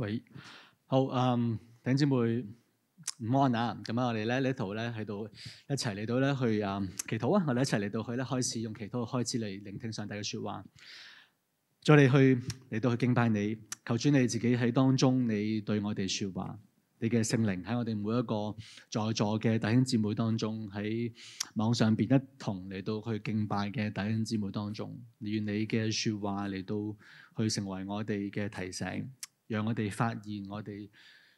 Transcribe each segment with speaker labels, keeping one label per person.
Speaker 1: 喂，好，嗯，弟兄姊妹，唔安啊！咁啊，我哋咧呢一度咧喺度一齊嚟到咧去啊祈禱啊！我哋一齊嚟到去咧開始用祈禱開始嚟聆聽上帝嘅說話，再嚟去嚟到去敬拜你，求主你自己喺當中，你對我哋說話，你嘅聖靈喺我哋每一個在座嘅弟兄姊妹當中，喺網上邊一同嚟到去敬拜嘅弟兄姊妹當中，願你嘅說話嚟到去成為我哋嘅提醒。讓我哋發現我哋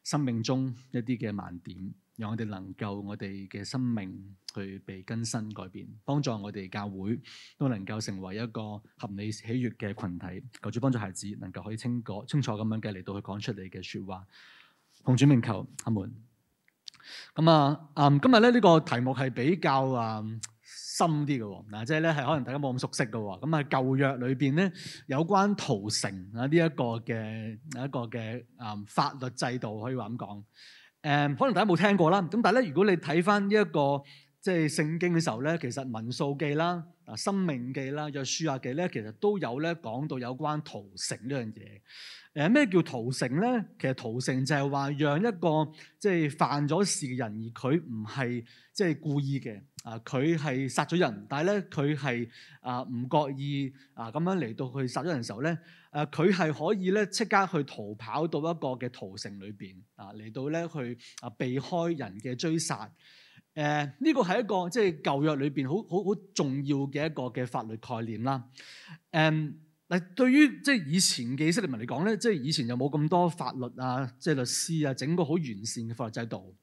Speaker 1: 生命中一啲嘅盲點，讓我哋能夠我哋嘅生命去被更新改變，幫助我哋教會都能夠成為一個合理喜悅嘅群體。求主幫助孩子能夠可以清楚清楚咁樣嘅嚟到去講出你嘅說話。奉主名求，求阿門。咁啊，今日咧呢個題目係比較啊，深啲嘅喎，嗱即係咧係可能大家冇咁熟悉嘅喎，咁啊舊約裏邊咧有關逃城啊呢一個嘅一個嘅啊法律制度可以話咁講，誒、嗯、可能大家冇聽過啦，咁但係咧如果你睇翻呢一個即係聖經嘅時候咧，其實民數記啦、啊申命記啦、約書亞記咧，其實都有咧講到有關逃城呢樣嘢。誒、呃、咩叫逃城咧？其實逃城就係話讓一個即係犯咗事嘅人，而佢唔係即係故意嘅。啊！佢係殺咗人，但係咧佢係啊唔覺意啊咁樣嚟到去殺咗人嘅時候咧，誒，佢係可以咧即刻去逃跑到一個嘅逃城裏邊啊嚟到咧去啊避開人嘅追殺。誒呢個係一個即係、就是、舊約裏邊好好好重要嘅一個嘅法律概念啦。誒、啊。嗱，對於即係以前嘅以色列人嚟講咧，即係以前又冇咁多法律啊，即係律師啊，整個好完善嘅法律制度。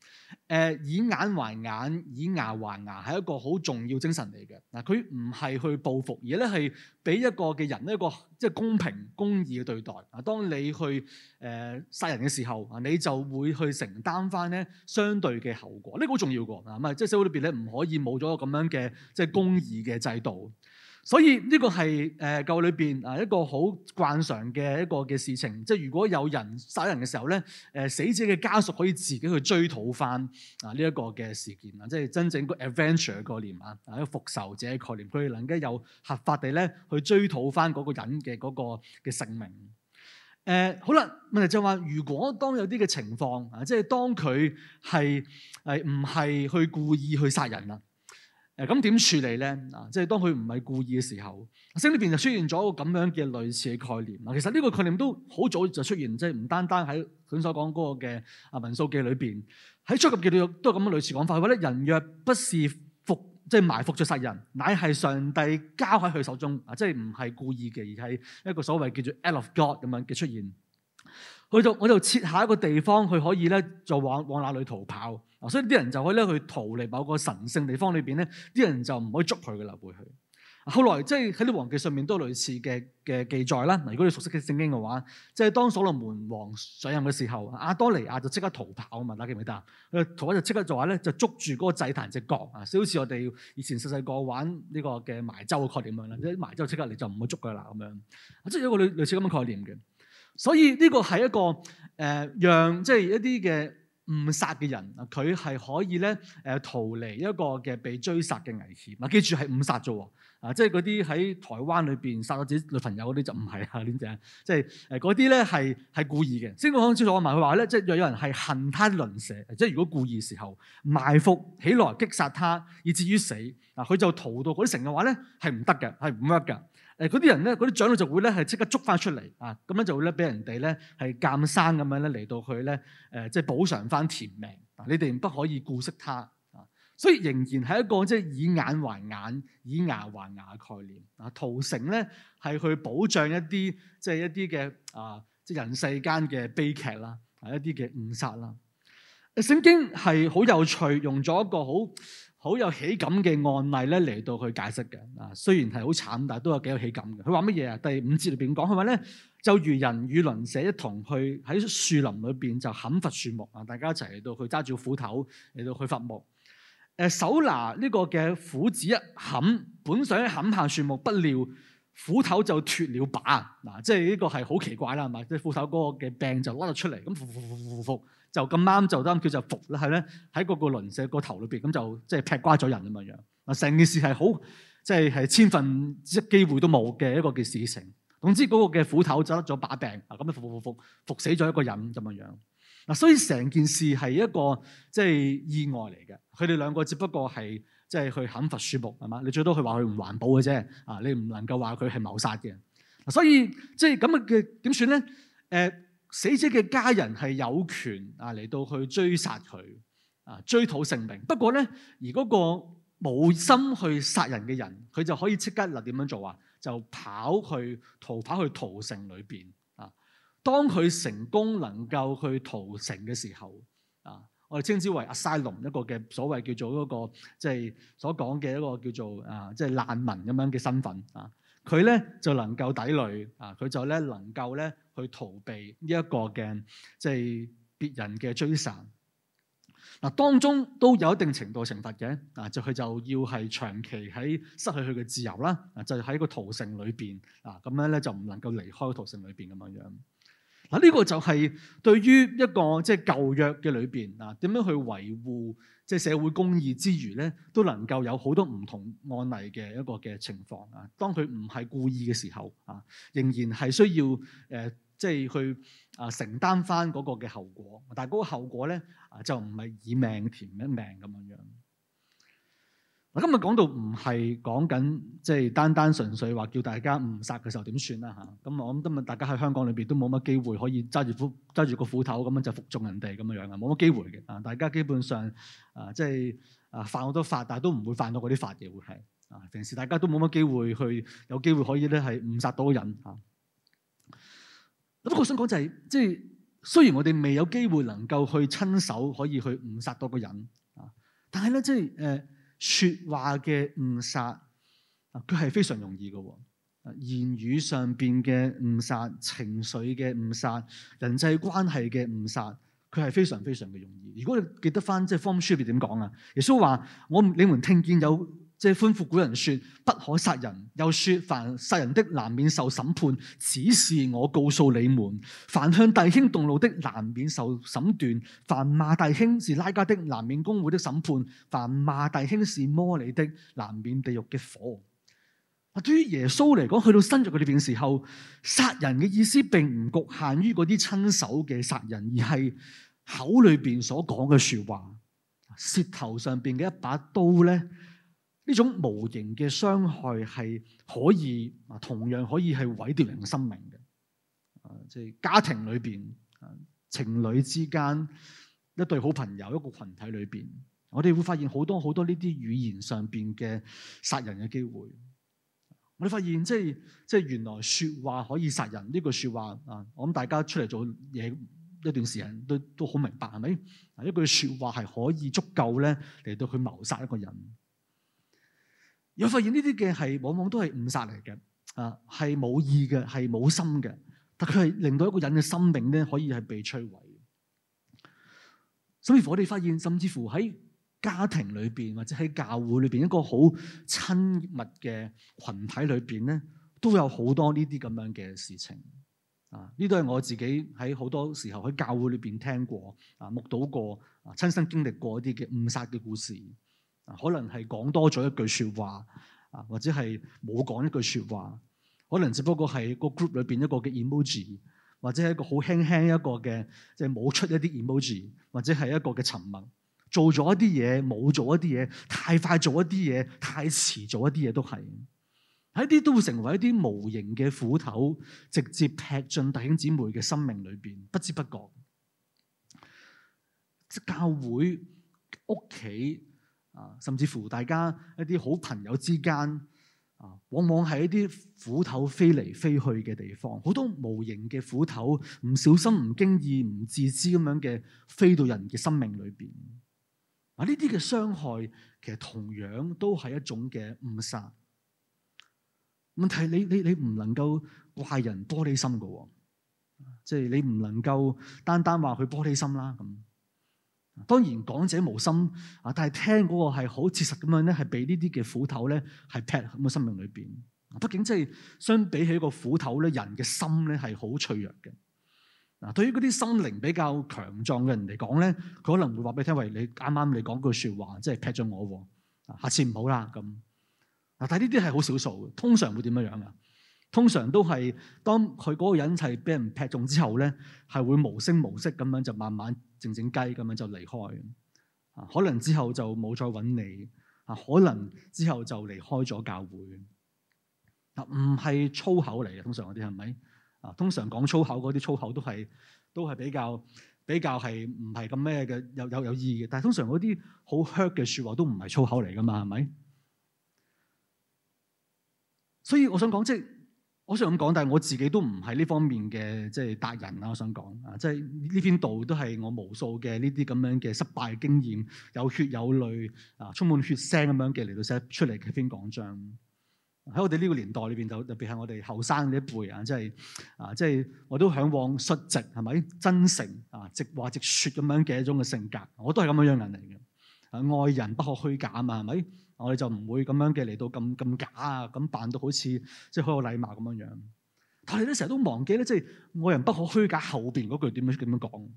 Speaker 1: 誒，以眼還眼，以牙還牙，係一個好重要的精神嚟嘅。嗱，佢唔係去報復，而咧係俾一個嘅人一個即係公平公義嘅對待。嗱，當你去誒殺人嘅時候，你就會去承擔翻咧相對嘅後果。呢個好重要嘅，唔係即係社會裏邊咧，唔可以冇咗個咁樣嘅即係公義嘅制度。所以呢個係誒教裏邊啊一個好慣常嘅一個嘅事情，即係如果有人殺人嘅時候咧，誒死者嘅家屬可以自己去追討翻啊呢一個嘅事件啊，即係真正個 adventure 嘅概念啊，一個復仇者嘅概念，佢哋能夠有合法地咧去追討翻嗰個人嘅嗰個嘅性命。誒、嗯、好啦，問題就係話如果當有啲嘅情況啊，即係當佢係係唔係去故意去殺人啊？誒咁點處理咧？啊，即係當佢唔係故意嘅時候，阿星呢邊就出現咗一個咁樣嘅類似嘅概念。嗱，其實呢個概念都好早就出現，即係唔單單喺佢所講嗰個嘅啊民數記裏邊，喺出埃及記裏都有咁樣類似講法。佢覺得人若不是伏，即、就、係、是、埋伏咗殺人，乃係上帝交喺佢手中。啊，即係唔係故意嘅，而係一個所謂叫做 act of God 咁樣嘅出現。佢就我就設下一個地方，佢可以咧就往往哪裏逃跑啊？所以啲人就可以咧去逃離某個神聖地方裏邊咧，啲人就唔可以捉佢嘅啦，會去後來即係喺啲黃記上面都有類似嘅嘅記載啦。如果你熟悉嘅聖經嘅話，即係當所羅門王上任嘅時候，阿多尼亞就即刻逃跑啊！大家記唔記得？佢逃咗就即刻就話咧，就捉住嗰個祭壇隻角啊！就好似我哋以前細細個玩呢個嘅埋咒嘅概念咁樣啦，即埋咒即刻你就唔會捉佢啦咁樣。即係有個類類似咁嘅概念嘅。所以呢個係一個誒，讓即係一啲嘅誤殺嘅人，佢係可以咧誒逃離一個嘅被追殺嘅危險。嗱，記住係誤殺啫喎，啊、就是就是，即係嗰啲喺台灣裏邊殺咗自己女朋友嗰啲就唔係啦，呢啲即係誒嗰啲咧係係故意嘅。先講清楚，我埋佢話咧，即係若有人係恨他鄰舍，即係如果故意的時候埋伏起來擊殺他，以致於死，嗱佢就逃到嗰啲城嘅話咧，係唔得嘅，係唔 work 嘅。誒嗰啲人咧，嗰啲長老就會咧係即刻捉翻出嚟啊！咁樣就會咧俾人哋咧係鑑生咁樣咧嚟到去咧誒、呃，即係補償翻甜命。你哋不可以顧惜他啊！所以仍然係一個即係以眼還眼、以牙還牙嘅概念啊！逃城咧係去保障一啲即係一啲嘅啊，即係人世間嘅悲劇啦，啊一啲嘅誤殺啦。聖經係好有趣，用咗一個好好有喜感嘅案例咧嚟到去解釋嘅啊，雖然係好慘，但係都有幾有喜感嘅。佢話乜嘢啊？第五節入邊講，佢話咧就如人與鄰舍一同去喺樹林裏邊就砍伐樹木啊，大家一齊嚟到去揸住斧頭嚟到去伐木。誒，手拿呢個嘅斧子一砍，本想砍下樹木不，不料斧頭就脱了把嗱，即係呢個係好奇怪啦，係咪？即係斧頭嗰個嘅柄就攞咗出嚟，咁復就咁啱就當叫做伏係咧，喺嗰個輪舍個頭裏邊咁就即係劈瓜咗人咁樣樣。嗱，成件事係好即係係千分一機會都冇嘅一個嘅事情。總之嗰個嘅斧頭就甩咗把柄，啊咁就伏伏伏伏死咗一個人咁樣樣。嗱，所以成件事係一個即係、就是、意外嚟嘅。佢哋兩個只不過係即係去砍伐樹木係嘛？你最多去話佢唔環保嘅啫。啊你唔能夠話佢係謀殺嘅。嗱，所以即係咁嘅點算咧？誒、就是。死者嘅家人係有權啊，嚟到去追殺佢啊，追討性命。不過咧，而嗰個冇心去殺人嘅人，佢就可以即刻嗱點樣做啊？就跑去逃跑去逃城裏邊啊！當佢成功能夠去逃城嘅時候啊，我哋稱之為阿西隆一個嘅所謂叫做嗰、那個即係、就是、所講嘅一個叫做啊即係難民咁樣嘅身份啊。佢咧就能夠抵累；啊！佢就咧能夠咧去逃避呢一個嘅即係別人嘅追殺。嗱，當中都有一定程度懲罰嘅啊，就佢就要係長期喺失去佢嘅自由啦，就喺個逃城裏邊啊，咁樣咧就唔能夠離開個逃城裏邊咁樣樣。嗱，呢個就係對於一個即係舊約嘅裏邊啊，點樣去維護？即係社會公義之餘咧，都能夠有好多唔同案例嘅一個嘅情況啊。當佢唔係故意嘅時候啊，仍然係需要誒，即、呃、係、就是、去啊承擔翻嗰個嘅後果。但係嗰個後果咧啊，就唔係以命填一命咁樣。嗱，今日講到唔係講緊，即係單單純粹話叫大家誤殺嘅時候點算啦嚇。咁我諗今日大家喺香港裏邊都冇乜機會可以揸住斧揸住個斧頭咁樣就服眾人哋咁嘅樣嘅，冇乜機會嘅。啊，大家基本上啊、呃，即係啊、呃、犯好多法，但係都唔會犯到嗰啲法嘅，會係啊平時大家都冇乜機會去有機會可以咧係誤殺到個人啊。咁我想講就係、是，即係雖然我哋未有機會能夠去親手可以去誤殺到個人啊，但係咧即係誒。呃說話嘅誤殺，佢係非常容易嘅喎。言語上面嘅誤殺、情緒嘅誤殺、人際關係嘅誤殺，佢係非常非常嘅容易的。如果你記得返即係《就是、Form Sheet》入面點講啊？耶穌話：我你們聽見有。即係吩咐古人說不可殺人，又說凡殺人的難免受審判。只是我告訴你們，凡向弟兄動怒的難免受審斷；凡罵弟兄是拉加的難免公會的審判；凡罵弟兄是魔利的難免地獄的火。啊，對於耶穌嚟講，去到新約嗰邊嘅時候，殺人嘅意思并唔局限於嗰啲親手嘅殺人，而係口裏邊所講嘅說話，舌頭上邊嘅一把刀咧。呢種無形嘅傷害係可以啊，同樣可以係毀掉人嘅生命嘅。啊、即係家庭裏邊、啊、情侶之間、一對好朋友、一個群體裏邊，我哋會發現好多好多呢啲語言上邊嘅殺人嘅機會。我哋發現即係即係原來説話可以殺人，呢句説話啊，我諗大家出嚟做嘢一段時間都都好明白，係咪？啊，一句説話係可以足夠咧嚟到去謀殺一個人。有發現呢啲嘅係往往都係誤殺嚟嘅，啊，係冇意嘅，係冇心嘅，但佢係令到一個人嘅生命咧可以係被摧毀。所以我哋發現，甚至，甚至乎喺家庭裏邊或者喺教會裏邊一個好親密嘅群體裏邊咧，都有好多呢啲咁樣嘅事情。啊，呢都係我自己喺好多時候喺教會裏邊聽過、啊，目睹過、啊，親身經歷過一啲嘅誤殺嘅故事。可能係講多咗一句説話，啊，或者係冇講一句説話，可能只不過係個 group 裏邊一個嘅 emoji，或者係一個好輕輕一個嘅，即係冇出一啲 emoji，或者係一個嘅沉默，做咗一啲嘢，冇做一啲嘢，太快做一啲嘢，太遲做一啲嘢都係，喺一啲都會成為一啲無形嘅斧頭，直接劈進弟兄姊妹嘅生命裏邊，不知不覺。即係教會屋企。甚至乎大家一啲好朋友之間，啊，往往係一啲斧頭飛嚟飛去嘅地方，好多無形嘅斧頭，唔小心、唔經意、唔自知咁樣嘅飛到人嘅生命裏邊。啊，呢啲嘅傷害其實同樣都係一種嘅誤殺。問題，你你你唔能夠怪人玻璃心㗎，即係你唔能夠單單話佢玻璃心啦咁。當然講者無心啊，但係聽嗰個係好切實咁樣咧，係俾呢啲嘅斧頭咧係劈喺個生命裏邊。畢竟即係相比起個斧頭咧，人嘅心咧係好脆弱嘅。嗱，對於嗰啲心靈比較強壯嘅人嚟講咧，佢可能會話俾你聽，喂，你啱啱你講句説話，即係劈咗我喎，下次唔好啦。咁，嗱，但係呢啲係好少數嘅，通常會點樣樣啊？通常都係當佢嗰個人係俾人劈中之後咧，係會無聲無息咁樣就慢慢靜靜雞咁樣就離開。啊，可能之後就冇再搵你。啊，可能之後就離開咗教會。嗱，唔係粗口嚟嘅，通常嗰啲係咪？啊，通常講粗口嗰啲粗口都係都係比較比較係唔係咁咩嘅？有有有意義嘅。但係通常嗰啲好 hurt 嘅説話都唔係粗口嚟噶嘛，係咪？所以我想講即係。我想咁講，但係我自己都唔係呢方面嘅即係達人啦。我想講啊，即係呢邊度都係我無數嘅呢啲咁樣嘅失敗經驗，有血有淚啊，充滿血腥咁樣嘅嚟到寫出嚟嘅篇講章。喺我哋呢個年代裏邊，就特別係我哋後生呢一輩人啊，即係啊，即係我都向往率直係咪？真誠啊，直話直説咁樣嘅一種嘅性格，我都係咁樣樣人嚟嘅，啊。愛人不可虛假啊嘛，係咪？我哋就唔會咁樣嘅嚟到咁咁假啊，咁扮到好似即係好有禮貌咁樣樣。但係咧，成日都忘記咧，即係愛人不可虛假後邊嗰句點樣點樣講？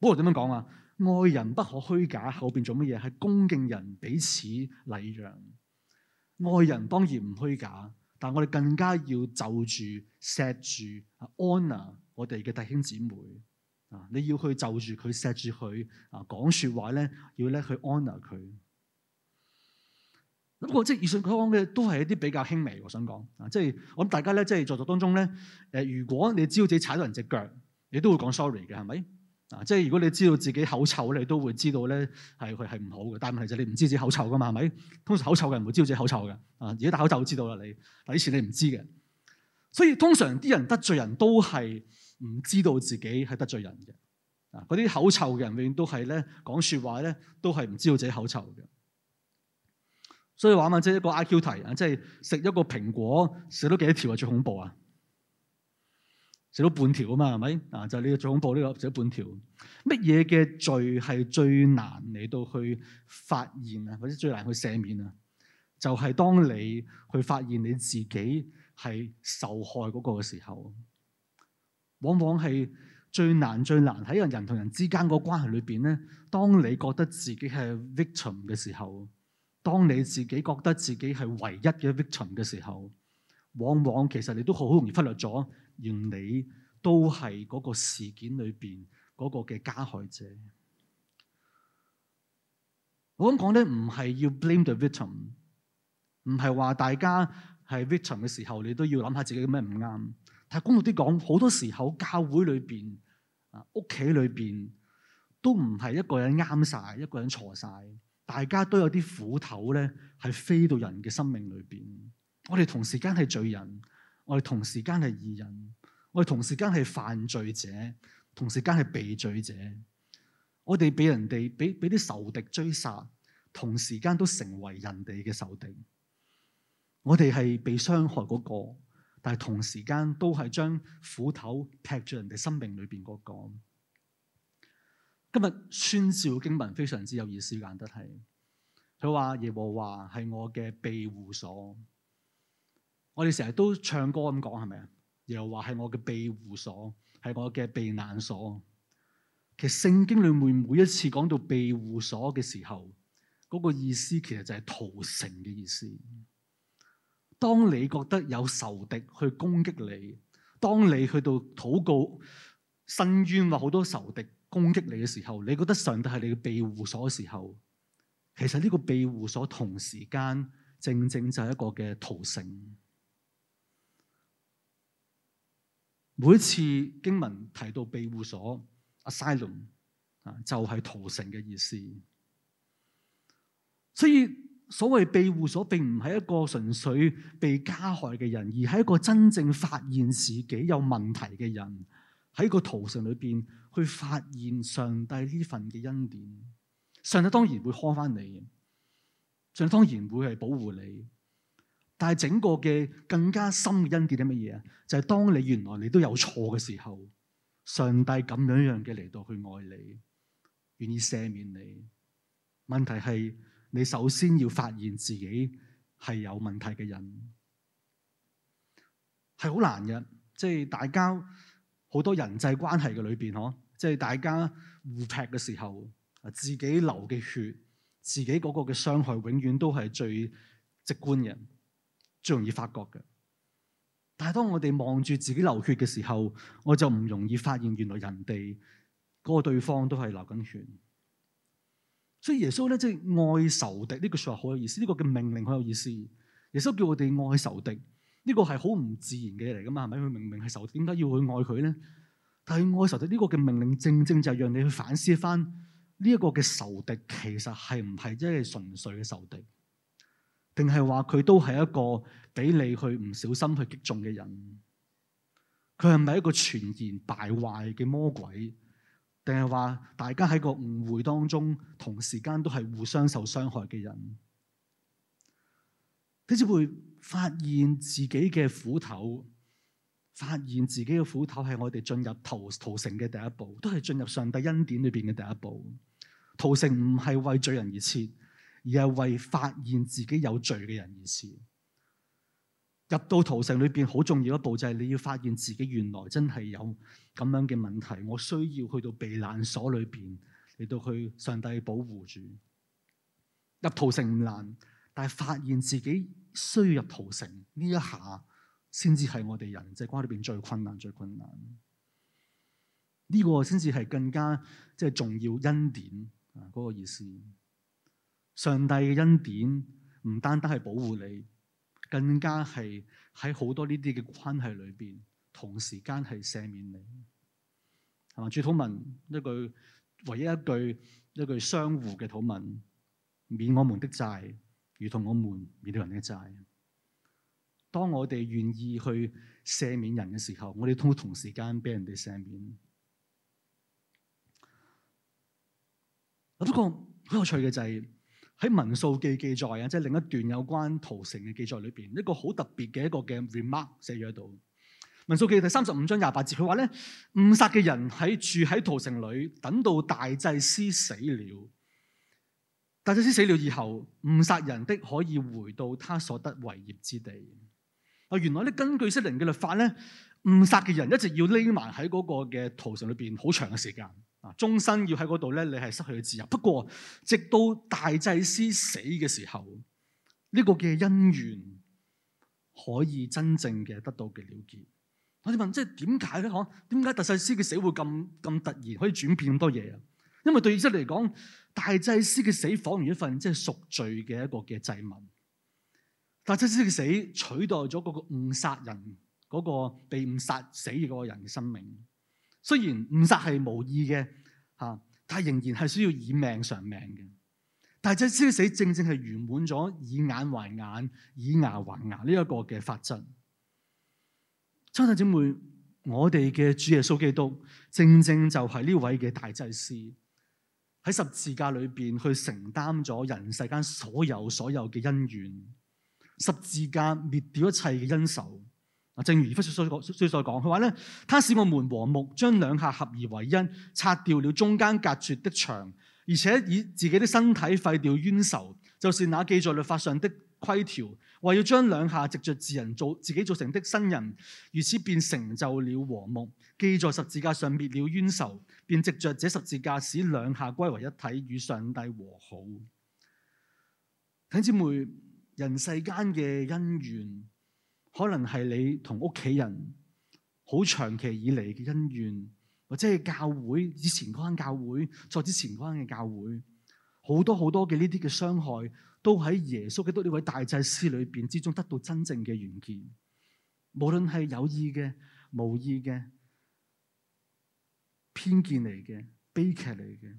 Speaker 1: 嗰個點樣講啊？愛人不可虛假後邊做乜嘢？係恭敬人彼此禮讓。愛人當然唔虛假，但係我哋更加要就住錫住 honour 我哋嘅弟兄姊妹啊！你要去就住佢錫住佢啊，講說話咧要咧去 honour 佢。不過我即係以上所講嘅都係一啲比較輕微，我想講啊，即係我諗大家咧，即係在座當中咧，誒，如果你知道自己踩到人隻腳，你都會講 sorry 嘅，係咪？啊，即係如果你知道自己口臭，你都會知道咧，係佢係唔好嘅。但係就係你唔知道自己口臭噶嘛，係咪？通常口臭嘅人唔會知道自己口臭嘅，啊，而家戴口罩會知道啦。你以前你唔知嘅，所以通常啲人得罪人都係唔知道自己係得罪人嘅，啊，嗰啲口臭嘅人永遠都係咧講説話咧都係唔知道自己口臭嘅。所以玩玩即係一個 IQ 題啊，即係食一個蘋果食到幾多條啊？最恐怖啊！食到半條啊嘛，係咪？啊，就係呢個最恐怖呢個食咗半條。乜嘢嘅罪係最難嚟到去發現啊，或者最難去赦免啊？就係、是、當你去發現你自己係受害嗰個嘅時候，往往係最，最難、最難喺個人同人之間個關係裏邊咧。當你覺得自己係 victim 嘅時候。當你自己覺得自己係唯一嘅 victim 嘅時候，往往其實你都好容易忽略咗，而你都係嗰個事件裏邊嗰個嘅加害者。我咁講咧，唔係要 blame the victim，唔係話大家係 victim 嘅時候，你都要諗下自己咩唔啱。但係公道啲講，好多時候教會裏邊、屋企裏邊都唔係一個人啱晒，一個人錯晒。大家都有啲斧頭咧，係飛到人嘅生命裏邊。我哋同時間係罪人，我哋同時間係異人，我哋同時間係犯罪者，同時間係被罪者我哋俾。我哋俾人哋俾俾啲仇敵追殺，同時間都成為人哋嘅仇敵。我哋係被傷害嗰個，但係同時間都係將斧頭劈住人哋生命裏邊嗰個。今日宣召經文非常之有意思，難得係佢話耶和華係我嘅庇護所。我哋成日都唱歌咁講，係咪啊？耶和華係我嘅庇護所，係我嘅避難所。其實聖經裏面每一次講到庇護所嘅時候，嗰、那個意思其實就係逃城嘅意思。當你覺得有仇敵去攻擊你，當你去到禱告、伸冤或好多仇敵，攻擊你嘅時候，你覺得上帝係你嘅庇護所嘅時候，其實呢個庇護所同時間正正就係一個嘅逃城。每一次經文提到庇護所 （asylum） 就係逃城嘅意思。所以所謂庇護所並唔係一個純粹被加害嘅人，而係一個真正發現自己有問題嘅人。喺個逃城裏邊去發現上帝呢份嘅恩典，上帝當然會看翻你，上帝當然會係保護你。但係整個嘅更加深嘅恩典係乜嘢啊？就係、是、當你原來你都有錯嘅時候，上帝咁樣樣嘅嚟到去愛你，願意赦免你。問題係你首先要發現自己係有問題嘅人，係好難嘅。即係大家。好多人際關係嘅裏邊，嗬，即係大家互劈嘅時候，啊，自己流嘅血，自己嗰個嘅傷害，永遠都係最直觀嘅，最容易發覺嘅。但係當我哋望住自己流血嘅時候，我就唔容易發現，原來人哋嗰個對方都係流緊血。所以耶穌咧，即係愛仇敵呢個説話好有意思，呢個嘅命令好有意思。耶穌叫我哋愛仇敵。呢個係好唔自然嘅嘢嚟噶嘛？係咪？佢明明係仇敵，點解要去愛佢咧？但係愛仇敵呢個嘅命令，正正就係讓，讓你去反思翻呢一個嘅仇敵，其實係唔係即係純粹嘅仇敵，定係話佢都係一個俾你去唔小心去擊中嘅人？佢係咪一個全然敗壞嘅魔鬼？定係話大家喺個誤會當中，同時間都係互相受傷害嘅人？你只會？發現自己嘅斧頭，發現自己嘅斧頭係我哋進入逃逃城嘅第一步，都係進入上帝恩典裏邊嘅第一步。逃城唔係為罪人而設，而係為發現自己有罪嘅人而設。入到逃城裏邊好重要一步，就係你要發現自己原來真係有咁樣嘅問題，我需要去到避難所裏邊嚟到去上帝保護住。入逃城唔難，但係發現自己。需要入屠城呢一下才是，先、就、至、是、係我哋人際關係裏邊最困難、最困難。呢、這個先至係更加即係、就是、重要恩典啊！嗰個意思，上帝嘅恩典唔單單係保護你，更加係喺好多呢啲嘅關係裏邊，同時間係赦免你。係嘛？主禱文一句，唯一一句一句相互嘅禱文，免我們的債。如同我們面對人嘅債，當我哋願意去赦免人嘅時候，我哋都同時間俾人哋赦免。不過好有趣嘅就係喺《民數記》記載啊，即係另一段有關屠城嘅記載裏邊，一個好特別嘅一個嘅 remark 寫咗喺度。《民數記》第三十五章廿八節，佢話咧：誤殺嘅人喺住喺屠城裏，等到大祭司死了。大祭司死了以後，誤殺人的可以回到他所得為業之地。啊，原來咧根據釋靈嘅律法咧，誤殺嘅人一直要匿埋喺嗰個嘅逃城裏邊好長嘅時間，啊，終身要喺嗰度咧，你係失去咗自由。不過直到大祭司死嘅時候，呢、這個嘅恩怨可以真正嘅得到嘅了結。我哋問，即係點解咧？嗬，點解大祭司嘅死會咁咁突然，可以轉變咁多嘢啊？因為對基督嚟講，大祭司嘅死仿如一份即係贖罪嘅一個嘅祭文。大祭司嘅死取代咗嗰個誤殺人嗰、嗰個被誤殺死嘅個人嘅生命。雖然誤殺係無意嘅，吓，但係仍然係需要以命償命嘅。大祭司嘅死正正係圓滿咗以眼還眼、以牙還牙呢一個嘅法則。親親姊妹，我哋嘅主耶穌基督正正就係呢位嘅大祭司。喺十字架裏邊去承擔咗人世間所有所有嘅恩怨，十字架滅掉一切嘅恩仇。啊，正如弗書所講，佢話咧，他使我們和睦，將兩下合而為一，拆掉了中間隔絕的牆，而且以自己的身體廢掉冤仇，就是那記在律法上的規條，為要將兩下藉着自人做自己造成的新人，如此便成就了和睦，記在十字架上滅了冤仇。便藉着這十字架使兩下歸為一體，與上帝和好。弟兄姊妹，人世間嘅恩怨，可能係你同屋企人好長期以嚟嘅恩怨，或者係教會以前嗰間教會，再之前嗰間嘅教會，好多好多嘅呢啲嘅傷害，都喺耶穌基督呢位大祭司裏邊之中得到真正嘅完結，無論係有意嘅、無意嘅。偏見嚟嘅、悲劇嚟嘅、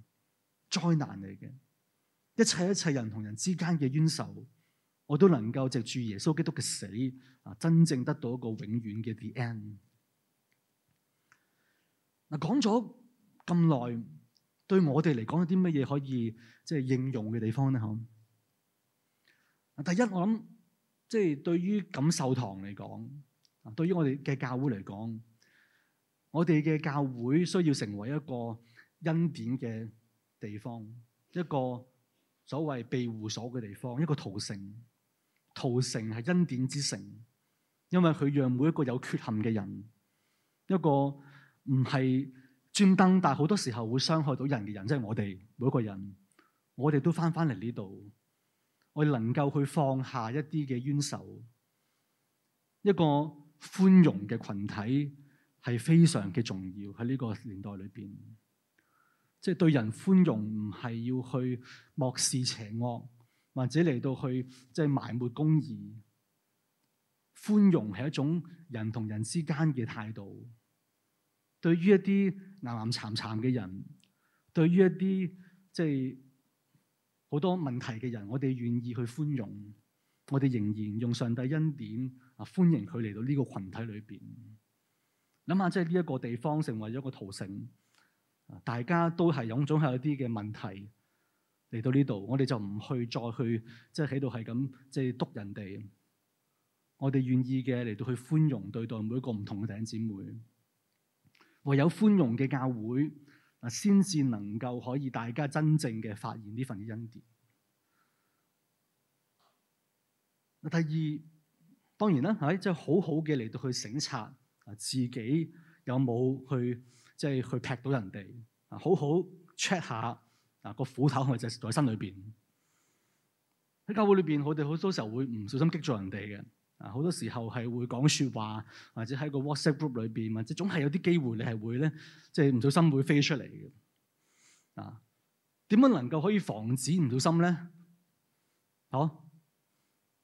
Speaker 1: 災難嚟嘅，一切一切人同人之間嘅冤仇，我都能夠藉住耶穌基督嘅死啊，真正得到一個永遠嘅 the end。嗱，講咗咁耐，對我哋嚟講有啲乜嘢可以即係應用嘅地方咧？嗬？第一，我諗即係對於感受堂嚟講，對於我哋嘅教會嚟講。我哋嘅教會需要成為一個恩典嘅地方，一個所謂庇護所嘅地方，一個逃城。逃城係恩典之城，因為佢讓每一個有缺陷嘅人，一個唔係專登，但係好多時候會傷害到人嘅人，即係我哋每一個人，我哋都翻返嚟呢度，我哋能夠去放下一啲嘅冤仇，一個寬容嘅群體。係非常嘅重要喺呢個年代裏邊，即係對人寬容唔係要去漠視邪惡，或者嚟到去即係埋沒公義。寬容係一種人同人之間嘅態度。對於一啲難難慘慘嘅人，對於一啲即係好多問題嘅人，我哋願意去寬容，我哋仍然用上帝恩典啊，歡迎佢嚟到呢個群體裏邊。諗下，即係呢一個地方成為咗個逃城，大家都係有種係有啲嘅問題嚟到呢度，我哋就唔去再去，即係喺度係咁即係督人哋。我哋願意嘅嚟到去寬容對待每一個唔同嘅弟兄姊妹，唯有寬容嘅教會嗱，先至能夠可以大家真正嘅發現呢份恩典。第二當然啦，喺即係好好嘅嚟到去省察。自己有冇去即係、就是、去劈到人哋？啊，好好 check 下啊，個斧頭咪就喺心裏邊。喺教會裏邊，我哋好多時候會唔小心激咗人哋嘅。啊，好多時候係會講説話，或者喺個 WhatsApp group 裏邊，或者總係有啲機會你係會咧，即係唔小心會飛出嚟嘅。啊，點樣能夠可以防止唔小心咧？好、啊，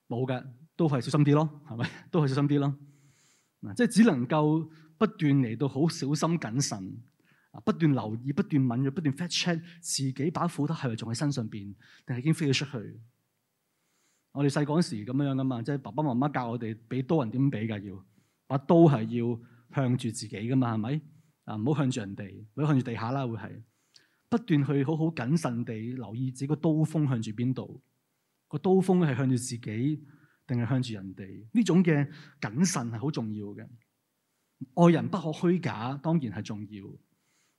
Speaker 1: 冇嘅，都係小心啲咯，係咪？都係小心啲啦。嗱，即係只能夠不斷嚟到好小心謹慎，不斷留意、不斷問、不斷 check check，自己把斧頭係咪仲喺身上邊，定係已經飛咗出去？我哋細嗰陣時咁樣噶嘛，即係爸爸媽媽教我哋俾刀人點俾㗎？要把刀係要向住自己噶嘛？係咪？啊，唔好向住人哋，唔好向住地下啦，會係不斷去好好謹慎地留意自己個刀鋒向住邊度，個刀鋒係向住自己。定係向住人哋呢？種嘅謹慎係好重要嘅，愛人不可虛假，當然係重要。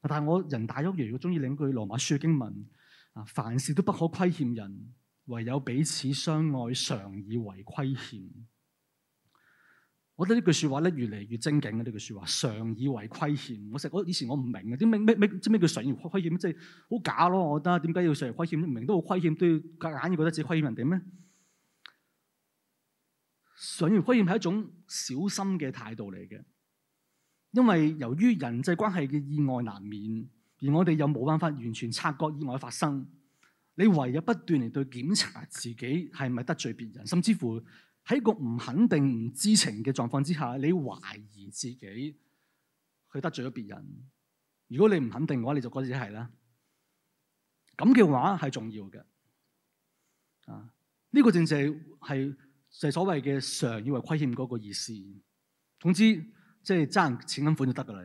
Speaker 1: 但係我人大咗，如果中意另一句羅馬書嘅經文啊，凡事都不可虧欠人，唯有彼此相愛，常以為虧欠。我覺得呢句説話咧，越嚟越精警嘅，呢句説話，常以為虧欠。我成日我以前我唔明嘅，啲咩咩咩，即咩叫常以為虧欠？即係好假咯，我覺得。點解要常以為虧欠？唔明都好，虧欠都要夾硬要覺得自己虧欠人哋咩？謹言謹言係一種小心嘅態度嚟嘅，因為由於人際關係嘅意外難免，而我哋又冇辦法完全察覺意外發生。你唯有不斷嚟對檢查自己係咪得罪別人，甚至乎喺一個唔肯定，唔知情嘅狀況之下，你懷疑自己去得罪咗別人。如果你唔肯定嘅話，你就覺得自己係啦。咁嘅話，係重要嘅。啊，呢個正正係。就係所謂嘅常以為虧欠嗰個意思。總之，即係爭人錢銀款就得噶啦。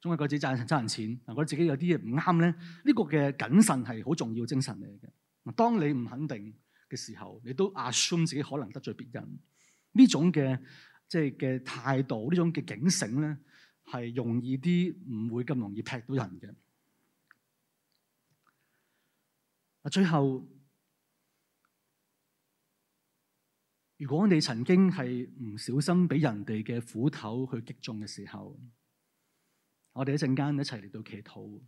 Speaker 1: 總係自己賺人錢，嗱，覺得自己有啲嘢唔啱咧，呢個嘅謹慎係好重要精神嚟嘅。嗱，當你唔肯定嘅時候，你都 assume 自己可能得罪別人。呢種嘅即係嘅態度，呢種嘅警醒咧，係容易啲唔會咁容易劈到人嘅。嗱，最後。如果你曾經係唔小心俾人哋嘅斧頭去擊中嘅時候，我哋一陣間一齊嚟到祈禱，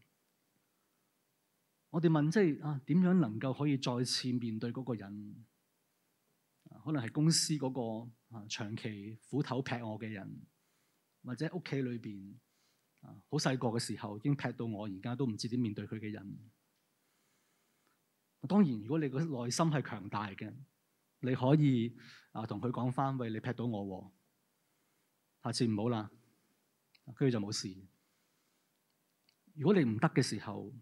Speaker 1: 我哋問即係啊，點樣能夠可以再次面對嗰個人？可能係公司嗰個啊長期斧頭劈我嘅人，或者屋企裏邊啊好細個嘅時候已經劈到我，而家都唔知點面對佢嘅人。當然，如果你個內心係強大嘅。你可以啊，同佢講翻，喂，你劈到我喎，下次唔好啦，跟住就冇事。如果你唔得嘅時候，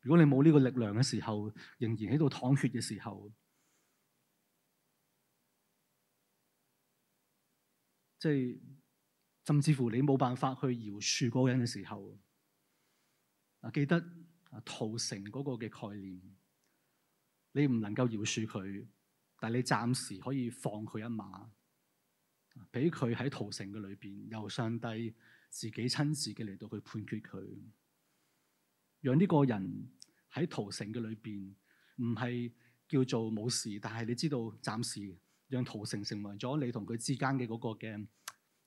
Speaker 1: 如果你冇呢個力量嘅時候，仍然喺度淌血嘅時候，即係甚至乎你冇辦法去饒恕嗰人嘅時候，啊，記得啊，屠城嗰個嘅概念，你唔能夠饒恕佢。但你暫時可以放佢一馬，俾佢喺逃城嘅裏邊，由上帝自己親自嘅嚟到去判決佢，讓呢個人喺逃城嘅裏邊，唔係叫做冇事，但係你知道暫時，讓逃城成為咗你同佢之間嘅嗰個嘅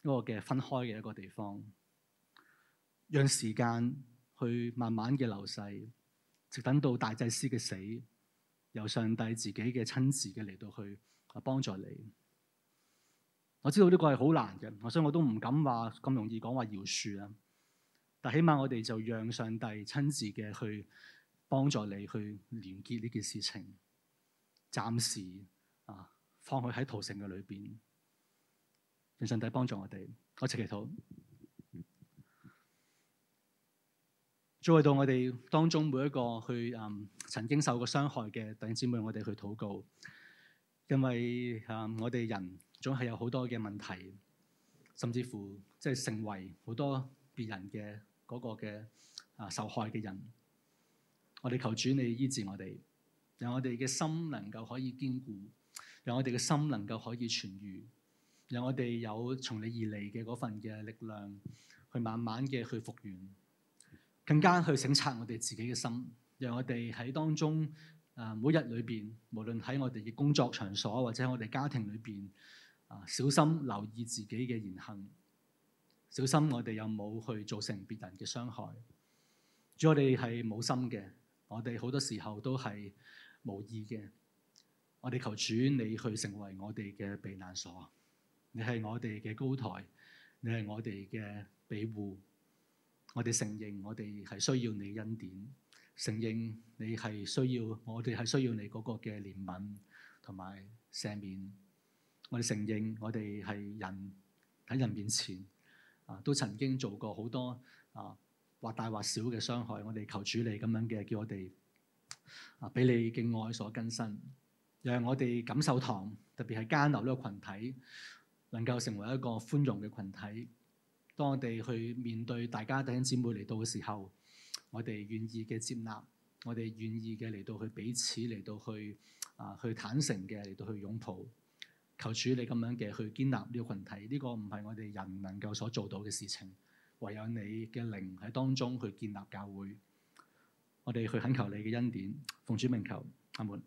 Speaker 1: 嗰個嘅分開嘅一個地方，讓時間去慢慢嘅流逝，直等到大祭司嘅死。由上帝自己嘅親自嘅嚟到去，啊幫助你，我知道呢個係好難嘅，所以我都唔敢話咁容易講話饒恕啦。但起碼我哋就讓上帝親自嘅去幫助你去連結呢件事情，暫時啊，放佢喺逃城嘅裏邊，讓上帝幫助我哋。我切祈禱。再到我哋當中每一個去曾經受過傷害嘅弟兄姊妹，我哋去禱告，因為誒我哋人總係有好多嘅問題，甚至乎即係成為好多別人嘅嗰個嘅啊受害嘅人。我哋求主你醫治我哋，讓我哋嘅心能夠可以堅固，讓我哋嘅心能夠可以痊癒，讓我哋有從你而嚟嘅嗰份嘅力量，去慢慢嘅去復原，更加去省察我哋自己嘅心，讓我哋喺當中啊，每日裏邊，無論喺我哋嘅工作場所或者我哋家庭裏邊啊，小心留意自己嘅言行，小心我哋有冇去造成別人嘅傷害。主，我哋係冇心嘅，我哋好多時候都係無意嘅，我哋求主你去成為我哋嘅避難所，你係我哋嘅高台，你係我哋嘅庇護。我哋承認，我哋係需要你恩典；承認你係需要，我哋係需要你嗰個嘅憐憫同埋赦免。我哋承認我，我哋係人喺人面前啊，都曾經做過好多啊，或大或小嘅傷害。我哋求主你咁樣嘅，叫我哋啊，俾你嘅愛所更新，讓我哋錦繡堂，特別係加恩樓呢個群體，能夠成為一個寬容嘅群體。當我哋去面對大家弟兄姊妹嚟到嘅時候，我哋願意嘅接納，我哋願意嘅嚟到去彼此嚟到去啊，去坦誠嘅嚟到去擁抱，求主你咁樣嘅去建立呢個群體，呢個唔係我哋人能夠所做到嘅事情，唯有你嘅靈喺當中去建立教會，我哋去懇求你嘅恩典，奉主名求，阿門。